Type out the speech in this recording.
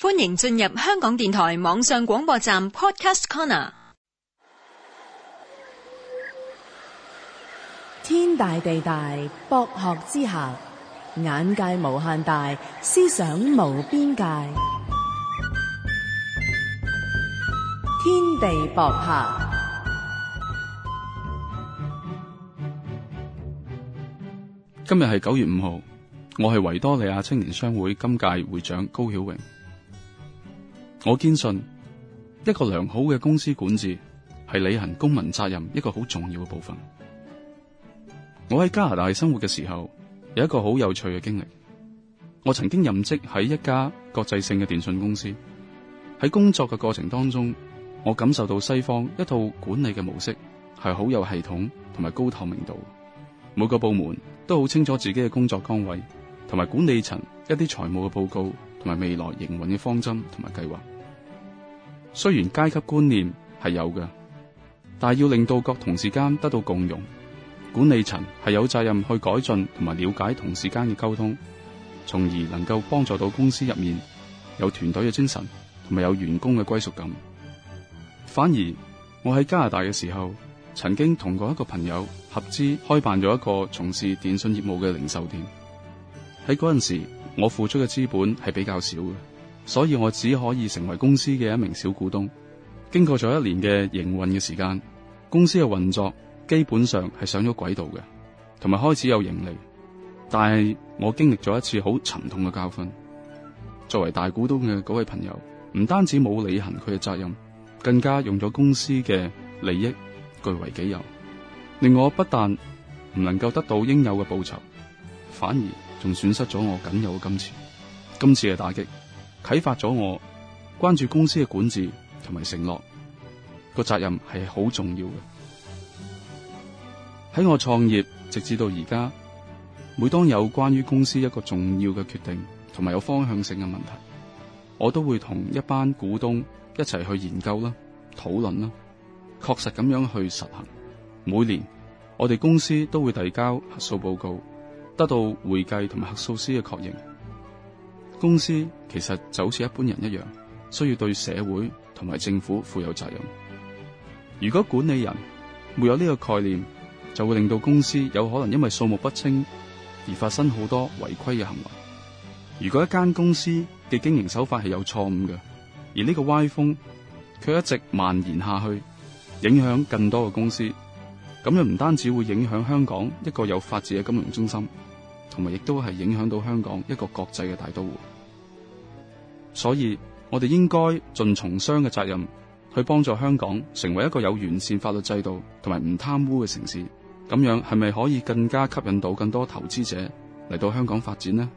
歡迎進入香港電台網上廣播站 Podcast Corner。天大地大，博學之下；眼界無限大，思想無邊界。天地博客。今日係九月五號，我係維多利亞青年商會今屆會長高曉榮。我堅信一個良好嘅公司管治係履行公民責任一個好重要嘅部分。我喺加拿大生活嘅時候，有一個好有趣嘅經歷。我曾經任職喺一家國際性嘅電信公司。喺工作嘅過程當中，我感受到西方一套管理嘅模式係好有系統同埋高透明度。每個部門都好清楚自己嘅工作崗位同埋管理層一啲財務嘅報告。同埋未來營運嘅方針同埋計劃，雖然階級觀念係有嘅，但係要令到各同事間得到共融，管理層係有責任去改進同埋了解同事間嘅溝通，從而能夠幫助到公司入面有團隊嘅精神同埋有員工嘅歸屬感。反而我喺加拿大嘅時候，曾經同過一個朋友合資開辦咗一個從事電信業務嘅零售店，喺嗰陣時。我付出嘅資本係比較少嘅，所以我只可以成為公司嘅一名小股東。經過咗一年嘅營運嘅時間，公司嘅運作基本上係上咗軌道嘅，同埋開始有盈利。但係我經歷咗一次好沉痛嘅教訓。作為大股東嘅嗰位朋友，唔單止冇履行佢嘅責任，更加用咗公司嘅利益據為己有，令我不但唔能夠得到應有嘅報酬。反而仲損失咗我僅有嘅金錢，今次嘅打擊啟發咗我關注公司嘅管治同埋承諾個責任係好重要嘅。喺我創業直至到而家，每當有關於公司一個重要嘅決定同埋有方向性嘅問題，我都會同一班股東一齊去研究啦、討論啦，確實咁樣去實行。每年我哋公司都會遞交核數報告。得到會計同埋核數師嘅確認，公司其實就好似一般人一樣，需要對社會同埋政府負有責任。如果管理人沒有呢個概念，就會令到公司有可能因為數目不清而發生好多違規嘅行為。如果一間公司嘅經營手法係有錯誤嘅，而呢個歪風卻一直蔓延下去，影響更多嘅公司，咁樣唔單止會影響香港一個有法治嘅金融中心，同埋，亦都係影響到香港一個國際嘅大都會，所以我哋應該盡從商嘅責任，去幫助香港成為一個有完善法律制度同埋唔貪污嘅城市。咁樣係咪可以更加吸引到更多投資者嚟到香港發展呢？